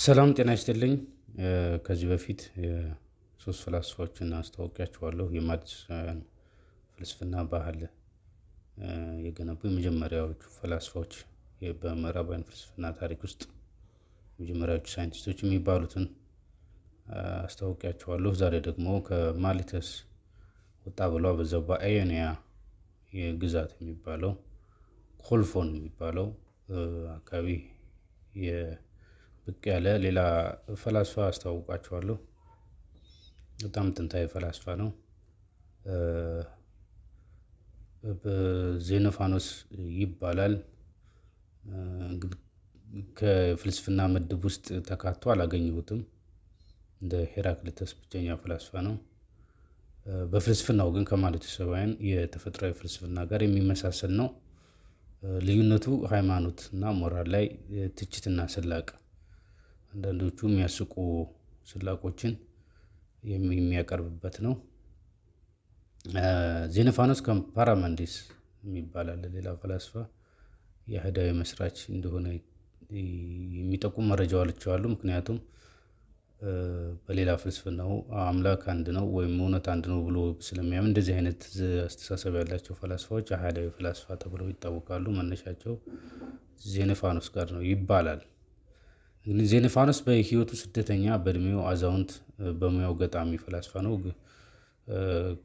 ሰላም ጤና ይስጥልኝ። ከዚህ በፊት ሶስት ፍላስፋዎችን አስታወቂያቸዋለሁ። የማዲስ ፍልስፍና ባህል የገነቡ የመጀመሪያዎቹ ፍላስፋዎች በምዕራባውያን ፍልስፍና ታሪክ ውስጥ መጀመሪያዎቹ ሳይንቲስቶች የሚባሉትን አስታወቂያቸዋለሁ። ዛሬ ደግሞ ከማሊተስ ወጣ ብሏ በዛው በአዮኒያ የግዛት የሚባለው ኮልፎን የሚባለው አካባቢ ብቅ ያለ ሌላ ፈላስፋ አስተዋውቃችኋለሁ። በጣም ጥንታዊ ፈላስፋ ነው። ዜኖፋኖስ ይባላል። ከፍልስፍና ምድብ ውስጥ ተካቶ አላገኘሁትም። እንደ ሄራክሊተስ ብቸኛ ፈላስፋ ነው። በፍልስፍናው ግን ከማህበረሰባውያን የተፈጥሯዊ ፍልስፍና ጋር የሚመሳሰል ነው። ልዩነቱ ሃይማኖት እና ሞራል ላይ ትችትና ስላቅ አንዳንዶቹ የሚያስቁ ስላቆችን የሚያቀርብበት ነው። ዜነፋኖስ ከፓራመንዲስ የሚባላል ሌላ ፈላስፋ የአህዳዊ መስራች እንደሆነ የሚጠቁም መረጃዎች አሉ። ምክንያቱም በሌላ ፍልስፍናው አምላክ አንድ ነው ወይም እውነት አንድ ነው ብሎ ስለሚያምን እንደዚህ አይነት አስተሳሰብ ያላቸው ፈላስፋዎች አህዳዊ ፈላስፋ ተብለው ይታወቃሉ። መነሻቸው ዜነፋኖስ ጋር ነው ይባላል። ዜኔፋኖስ በህይወቱ ስደተኛ፣ በእድሜው አዛውንት፣ በሙያው ገጣሚ ፈላስፋ ነው።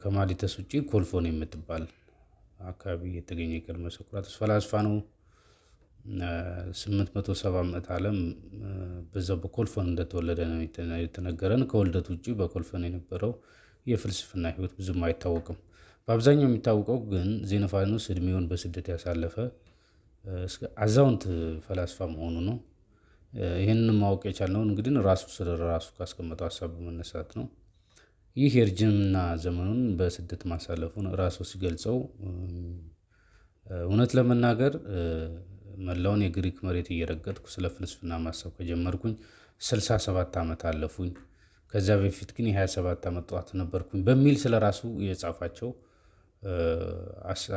ከማሊተስ ውጪ ኮልፎን የምትባል አካባቢ የተገኘ የቀድሞ ሶቅራጥስ ፈላስፋ ነው። ስምንት መቶ ሰባ ዓለም በዛው በኮልፎን እንደተወለደ ነው የተነገረን። ከውልደት ውጪ በኮልፎን የነበረው የፍልስፍና ህይወት ብዙም አይታወቅም። በአብዛኛው የሚታወቀው ግን ዜነፋኖስ እድሜውን በስደት ያሳለፈ አዛውንት ፈላስፋ መሆኑ ነው። ይህንን ማወቅ የቻልነውን እንግዲህ ራሱ ስለ ራሱ ካስቀመጠው ሀሳብ በመነሳት ነው። ይህ የእርጅምና ዘመኑን በስደት ማሳለፉን ራሱ ሲገልጸው እውነት ለመናገር መላውን የግሪክ መሬት እየረገጥኩ ስለ ፍልስፍና ማሰብ ከጀመርኩኝ 67 ሰባት ዓመት አለፉኝ። ከዚያ በፊት ግን የ 27 ዓመት ጠዋት ነበርኩኝ በሚል ስለ ራሱ የጻፋቸው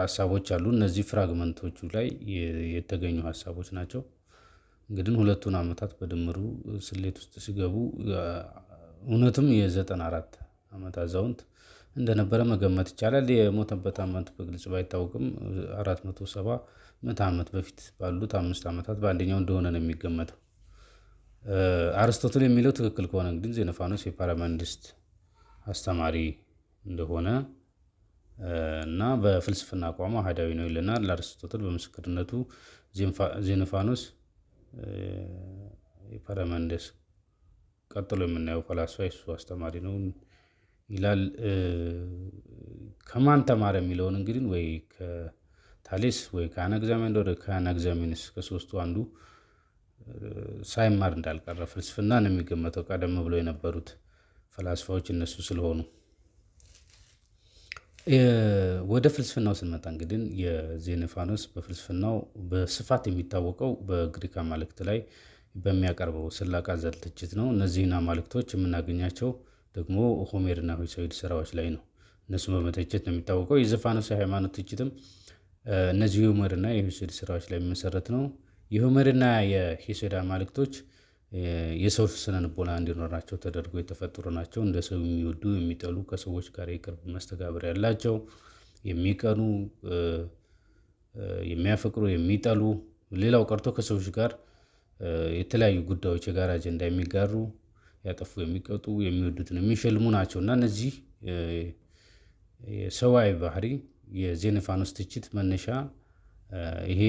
ሀሳቦች አሉ። እነዚህ ፍራግመንቶቹ ላይ የተገኙ ሀሳቦች ናቸው። እንግዲህ ሁለቱን አመታት በድምሩ ስሌት ውስጥ ሲገቡ እውነትም የዘጠና አራት ዓመት አዛውንት እንደነበረ መገመት ይቻላል። የሞተበት ዓመት በግልጽ ባይታወቅም አራት መቶ ሰባ ምዕተ ዓመት በፊት ባሉት አምስት ዓመታት በአንደኛው እንደሆነ ነው የሚገመተው። አርስቶትል የሚለው ትክክል ከሆነ እንግዲህ ዜነፋኖስ የፓራመንዲስት አስተማሪ እንደሆነ እና በፍልስፍና አቋሙ አሃዳዊ ነው ይለናል። አርስቶትል በምስክርነቱ ዜነፋኖስ የፐረመንደስ ቀጥሎ የምናየው ፈላስፋ የሱ አስተማሪ ነው ይላል። ከማን ተማረ የሚለውን እንግዲህ ወይ ከታሌስ ወይ ከአናግዛሜንዶር ከአነግዛሚንስ ከሶስቱ አንዱ ሳይማር እንዳልቀረ ፍልስፍናን የሚገመተው ቀደም ብሎ የነበሩት ፈላስፋዎች እነሱ ስለሆኑ ወደ ፍልስፍናው ስንመጣ እንግዲህ የዜኔፋኖስ በፍልስፍናው በስፋት የሚታወቀው በግሪክ አማልክት ላይ በሚያቀርበው ስላቅ አዘል ትችት ነው። እነዚህን አማልክቶች የምናገኛቸው ደግሞ ሆሜርና ሄሶድ ስራዎች ላይ ነው። እነሱን በመተቸት ነው የሚታወቀው። የዘፋኖስ የሃይማኖት ትችትም እነዚህ የሆሜርና የሄሶድ ስራዎች ላይ የሚመሰረት ነው። የሆሜርና የሄሶድ አማልክቶች የሰው ስነ ልቦና እንዲኖራቸው ተደርጎ የተፈጠሩ ናቸው። እንደ ሰው የሚወዱ የሚጠሉ፣ ከሰዎች ጋር የቅርብ መስተጋብር ያላቸው፣ የሚቀኑ፣ የሚያፈቅሩ፣ የሚጠሉ ሌላው ቀርቶ ከሰዎች ጋር የተለያዩ ጉዳዮች የጋራ አጀንዳ የሚጋሩ፣ ያጠፉ የሚቀጡ፣ የሚወዱትን የሚሸልሙ ናቸው እና እነዚህ የሰብአዊ ባህሪ የዜነፋኖስ ትችት መነሻ ይሄ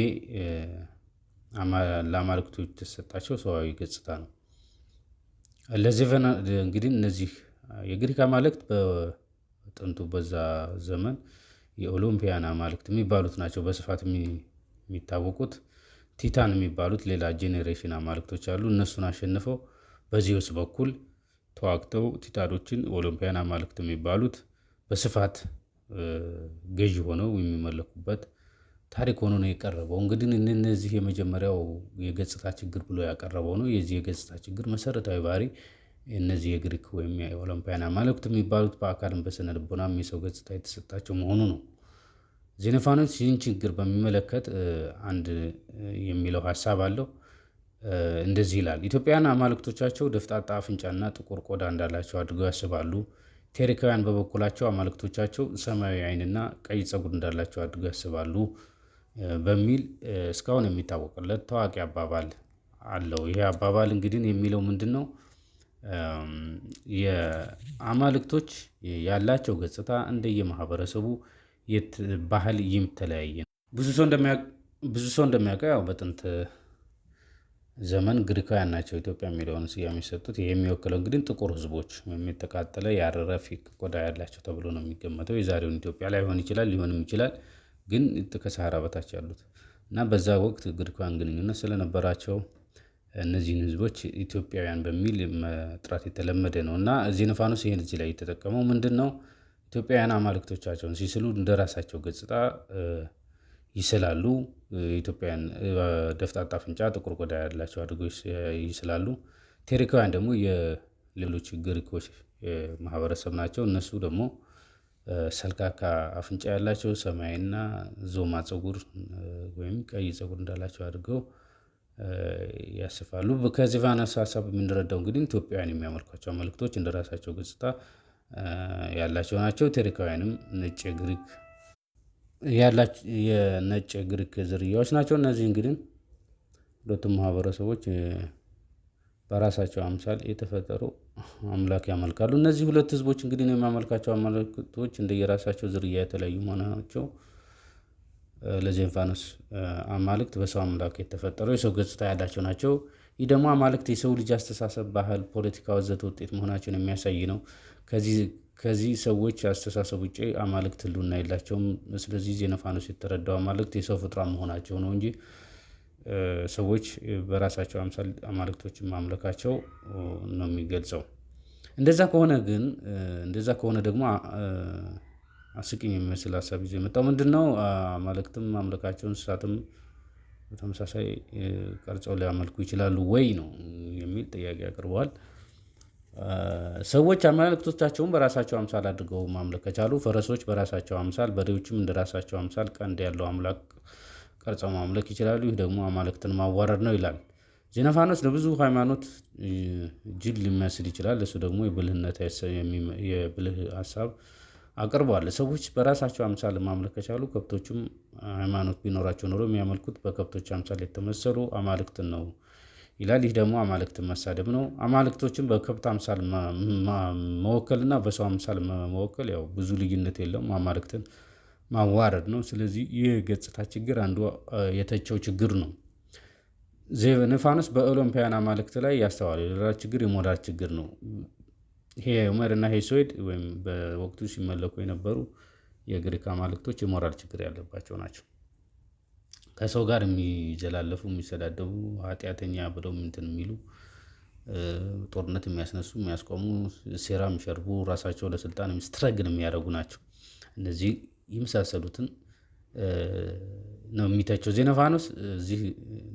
ለአማልክቶች የተሰጣቸው ሰብአዊ ገጽታ ነው። ለዜቨና እንግዲህ እነዚህ የግሪክ አማልክት በጥንቱ በዛ ዘመን የኦሎምፒያን አማልክት የሚባሉት ናቸው በስፋት የሚታወቁት። ቲታን የሚባሉት ሌላ ጄኔሬሽን አማልክቶች አሉ። እነሱን አሸንፈው በዚዮስ በኩል ተዋግተው ቲታኖችን ኦሎምፒያን አማልክት የሚባሉት በስፋት ገዢ ሆነው የሚመለኩበት ታሪክ ሆኖ ነው የቀረበው። እንግዲህ እነዚህ የመጀመሪያው የገጽታ ችግር ብሎ ያቀረበው ነው። የዚህ የገጽታ ችግር መሰረታዊ ባህሪ እነዚህ የግሪክ ወይም የኦሎምፒያን አማልክት የሚባሉት በአካልም በስነ ልቦናም የሰው ገጽታ የተሰጣቸው መሆኑ ነው። ዜኖፋኖስ ይህን ችግር በሚመለከት አንድ የሚለው ሀሳብ አለው። እንደዚህ ይላል። ኢትዮጵያውያን አማልክቶቻቸው ደፍጣጣ አፍንጫና ጥቁር ቆዳ እንዳላቸው አድርገው ያስባሉ። ቴሪካውያን በበኩላቸው አማልክቶቻቸው ሰማያዊ ዓይንና ቀይ ፀጉር እንዳላቸው አድርገው ያስባሉ። በሚል እስካሁን የሚታወቅለት ታዋቂ አባባል አለው። ይሄ አባባል እንግዲህ የሚለው ምንድን ነው? የአማልክቶች ያላቸው ገጽታ እንደየማህበረሰቡ ባህል ይተለያየ ነው። ብዙ ሰው እንደሚያውቀው ያው በጥንት ዘመን ግሪካውያን ናቸው ኢትዮጵያ የሚለውን ስያሜ የሰጡት። ይህ የሚወክለው እንግዲህ ጥቁር ህዝቦች የሚተቃጠለ ያረረ ፊቅ ቆዳ ያላቸው ተብሎ ነው የሚገመተው። የዛሬውን ኢትዮጵያ ላይሆን ይችላል ሊሆንም ይችላል። ግን ከሰሃራ በታች ያሉት እና በዛ ወቅት ግድኳን ግንኙነት ስለነበራቸው እነዚህን ህዝቦች ኢትዮጵያውያን በሚል መጥራት የተለመደ ነው እና ዜነፋኖስ ይህን እዚህ ላይ የተጠቀመው ምንድን ነው? ኢትዮጵያውያን አማልክቶቻቸውን ሲስሉ እንደራሳቸው ገጽታ ይስላሉ። ኢትዮጵያውያን ደፍጣጣ አፍንጫ፣ ጥቁር ቆዳ ያላቸው አድርገው ይስላሉ። ቴሪካውያን ደግሞ የሌሎች ግሪኮች ማህበረሰብ ናቸው። እነሱ ደግሞ ሰልካካ አፍንጫ ያላቸው ሰማያዊና ዞማ ፀጉር ወይም ቀይ ፀጉር እንዳላቸው አድርገው ያስፋሉ። ከዚህ ቫነስ ሀሳብ የምንረዳው እንግዲህ ኢትዮጵያውያን የሚያመልኳቸው እንደ ራሳቸው ገጽታ ያላቸው ናቸው። ቴሪካውያንም ነጭ ግሪክ ያላቸው የነጭ ግሪክ ዝርያዎች ናቸው። እነዚህ እንግዲህ ሁለቱም ማህበረሰቦች በራሳቸው አምሳል የተፈጠሩ አምላክ ያመልካሉ። እነዚህ ሁለት ህዝቦች እንግዲህ ነው የሚያመልካቸው አማልክቶች እንደየራሳቸው ዝርያ የተለያዩ መሆናቸው ለዜንፋኖስ አማልክት በሰው አምላክ የተፈጠረው የሰው ገጽታ ያላቸው ናቸው። ይህ ደግሞ አማልክት የሰው ልጅ አስተሳሰብ፣ ባህል፣ ፖለቲካ ወዘተ ውጤት መሆናቸውን የሚያሳይ ነው። ከዚህ ሰዎች አስተሳሰብ ውጭ አማልክት ህልውና የላቸውም። ስለዚህ ዜነፋኖስ የተረዳው አማልክት የሰው ፍጥራ መሆናቸው ነው እንጂ ሰዎች በራሳቸው አምሳል አማልክቶችን ማምለካቸው ነው የሚገልጸው። እንደዛ ከሆነ ግን እንደዛ ከሆነ ደግሞ አስቂኝ የሚመስል ሀሳብ ይዞ የመጣው ምንድን ነው? አማልክትም ማምለካቸውን እንስሳትም በተመሳሳይ ቀርጸው ሊያመልኩ ይችላሉ ወይ ነው የሚል ጥያቄ አቅርበዋል። ሰዎች አማልክቶቻቸውን በራሳቸው አምሳል አድርገው ማምለክ ከቻሉ ፈረሶች በራሳቸው አምሳል፣ በሬዎችም እንደራሳቸው አምሳል ቀንድ ያለው አምላክ ቀርጸው ማምለክ ይችላሉ። ይህ ደግሞ አማልክትን ማዋረድ ነው ይላል። ዜናፋኖስ ለብዙ ሃይማኖት ጅል ሊመስል ይችላል። እሱ ደግሞ የብልህነት የብልህ ሀሳብ አቅርቧል። ሰዎች በራሳቸው አምሳል ማምለክ ከቻሉ ከብቶችም ሃይማኖት ቢኖራቸው ኖሮ የሚያመልኩት በከብቶች አምሳል የተመሰሉ አማልክትን ነው ይላል። ይህ ደግሞ አማልክትን መሳደብ ነው። አማልክቶችን በከብት አምሳል መወከልና በሰው አምሳል መወከል ያው ብዙ ልዩነት የለውም። አማልክትን ማዋረድ ነው። ስለዚህ ይህ ገጽታ ችግር አንዱ የተቸው ችግር ነው። ዜኖፋንስ በኦሎምፒያን አማልክት ላይ ያስተዋለው የደራር ችግር የሞራል ችግር ነው። ሄመር እና ሄሶድ ወይም በወቅቱ ሲመለኩ የነበሩ የግሪክ አማልክቶች የሞራል ችግር ያለባቸው ናቸው። ከሰው ጋር የሚዘላለፉ፣ የሚሰዳደቡ፣ ኃጢአተኛ ብለው ምንትን የሚሉ ጦርነት የሚያስነሱ፣ የሚያስቆሙ፣ ሴራ የሚሸርቡ፣ ራሳቸው ለስልጣን ስትረግል የሚያደርጉ ናቸው እነዚህ የመሳሰሉትን ነው የሚታቸው ዜናፋኖስ እዚህ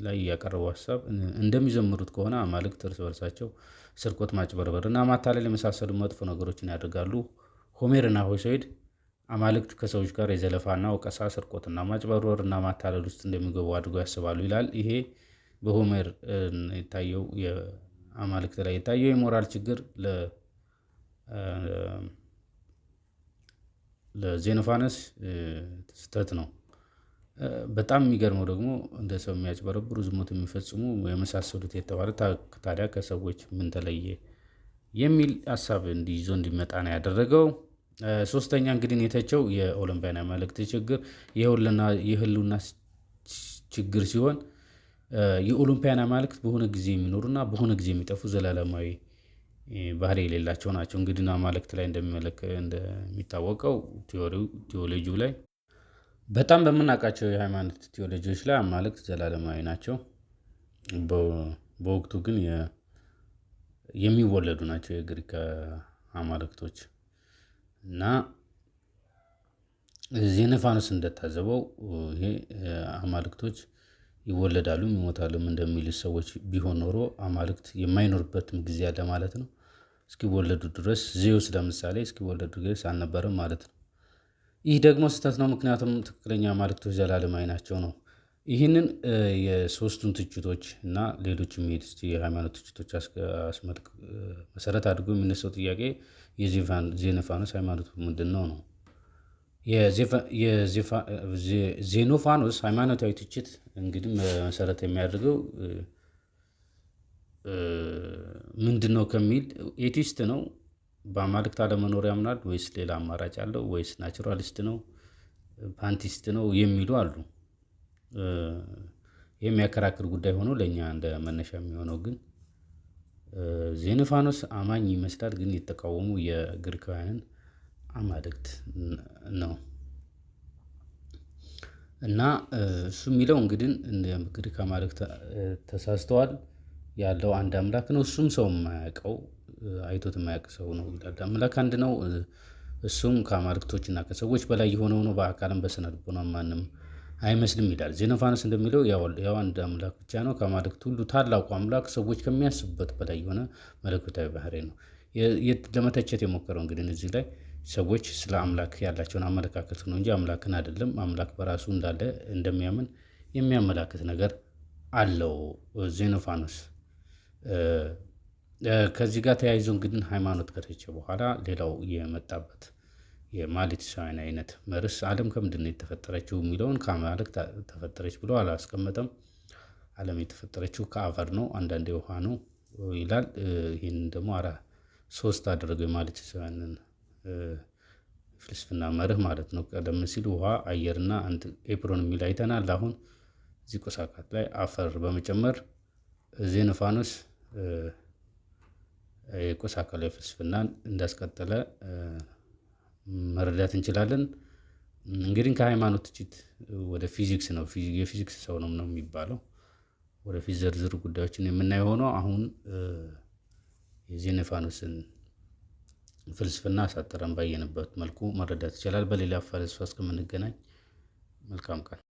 ላይ ያቀረበው ሀሳብ እንደሚዘምሩት ከሆነ አማልክት እርስ በርሳቸው ስርቆት፣ ማጭበርበር እና ማታለል የመሳሰሉ መጥፎ ነገሮችን ያደርጋሉ። ሆሜር እና ሆሴዕድ አማልክት ከሰዎች ጋር የዘለፋና ወቀሳ፣ ስርቆትና ማጭበርበር እና ማታለል ውስጥ እንደሚገቡ አድርገው ያስባሉ ይላል። ይሄ በሆሜር የታየው አማልክት ላይ የታየው የሞራል ችግር ለዜኖፋነስ ስህተት ነው። በጣም የሚገርመው ደግሞ እንደ ሰው የሚያጭበረብሩ ዝሙት የሚፈጽሙ የመሳሰሉት የተባለ ታዲያ ከሰዎች ምን ተለየ የሚል ሀሳብ እንዲይዞ እንዲመጣ ነው ያደረገው። ሶስተኛ እንግዲህ የተቸው የኦሎምፒያን አማልክት ችግር የህልውና ችግር ሲሆን የኦሎምፒያን አማልክት በሆነ ጊዜ የሚኖሩና በሆነ ጊዜ የሚጠፉ ዘላለማዊ ባህሪ የሌላቸው ናቸው። እንግዲህና አማልክት ላይ እንደሚታወቀው ቴዎሎጂው ላይ በጣም በምናውቃቸው የሃይማኖት ቴዎሎጂዎች ላይ አማልክት ዘላለማዊ ናቸው። በወቅቱ ግን የሚወለዱ ናቸው የግሪክ አማልክቶች እና ዜነፋኖስ እንደታዘበው ይሄ አማልክቶች ይወለዳሉም ይሞታሉም እንደሚሉ ሰዎች ቢሆን ኖሮ አማልክት የማይኖርበትም ጊዜ አለ ማለት ነው። እስኪወለዱ ድረስ ዜውስ ለምሳሌ እስኪወለዱ ድረስ አልነበረም ማለት ነው። ይህ ደግሞ ስህተት ነው። ምክንያቱም ትክክለኛ አማልክቶች ዘላለማዊ ናቸው ነው። ይህንን የሶስቱን ትችቶች እና ሌሎች የሚሄድ ስ የሃይማኖት ትችቶች አስመልክ መሰረት አድርጎ የሚነሳው ጥያቄ የዜኖፋኖስ ሃይማኖት ምንድን ነው ነው። የዜኖፋኖስ ሃይማኖታዊ ትችት እንግዲህ መሰረት የሚያደርገው ምንድን ነው ከሚል ኤቲስት ነው በአማልክት አለመኖር ያምናል ወይስ ሌላ አማራጭ አለው ወይስ ናቹራሊስት ነው ፓንቲስት ነው የሚሉ አሉ። የሚያከራክር ጉዳይ ሆኖ ለእኛ እንደ መነሻ የሚሆነው ግን ዜኖፋኖስ አማኝ ይመስላል፣ ግን የተቃወሙ የግሪካውያንን አማልክት ነው እና እሱ የሚለው እንግዲህ ግሪክ አማልክት ተሳስተዋል ያለው አንድ አምላክ ነው። እሱም ሰው የማያውቀው አይቶት የማያውቅ ሰው ነው ይላል። አምላክ አንድ ነው። እሱም ከአማልክቶች እና ከሰዎች በላይ የሆነው ነው። በአካልም በስነ ልቦናም ማንም አይመስልም ይላል። ዜኖፋነስ እንደሚለው ያው አንድ አምላክ ብቻ ነው። ከአማልክት ሁሉ ታላቁ አምላክ ሰዎች ከሚያስቡበት በላይ የሆነ መለኮታዊ ባህሪ ነው። ለመተቸት የሞከረው እንግዲህ እዚህ ላይ ሰዎች ስለ አምላክ ያላቸውን አመለካከት ነው እንጂ አምላክን አይደለም። አምላክ በራሱ እንዳለ እንደሚያምን የሚያመላክት ነገር አለው ዜኖፋኖስ። ከዚህ ጋር ተያይዞ እንግዲህ ሃይማኖት ከተቸ በኋላ ሌላው የመጣበት የማሌትሳውያን አይነት መርስ ዓለም ከምንድን ነው የተፈጠረችው የሚለውን ከአማልክ ተፈጠረች ብሎ አላስቀመጠም። ዓለም የተፈጠረችው ከአፈር ነው፣ አንዳንዴ ውሃ ነው ይላል። ይህንን ደግሞ አራ ሶስት አደረገው የማሌትሳውያንን ፍልስፍና መርህ ማለት ነው። ቀደም ሲል ውሃ፣ አየርና አንድ ኤፕሮን የሚል አይተናል። አሁን እዚህ ቁሳቃት ላይ አፈር በመጨመር ዜኖፋኖስ የቁስ አካላዊ ፍልስፍናን እንዳስቀጠለ መረዳት እንችላለን። እንግዲህ ከሃይማኖት ትችት ወደ ፊዚክስ ነው የፊዚክስ ሰው ነው ነው የሚባለው ወደፊት ዝርዝር ጉዳዮችን የምናየው ሆኖ አሁን የዜኔፋኖስን ፍልስፍና አሳጠረን ባየንበት መልኩ መረዳት ይችላል። በሌላ ፈልስፋ እስከምንገናኝ መልካም ቀን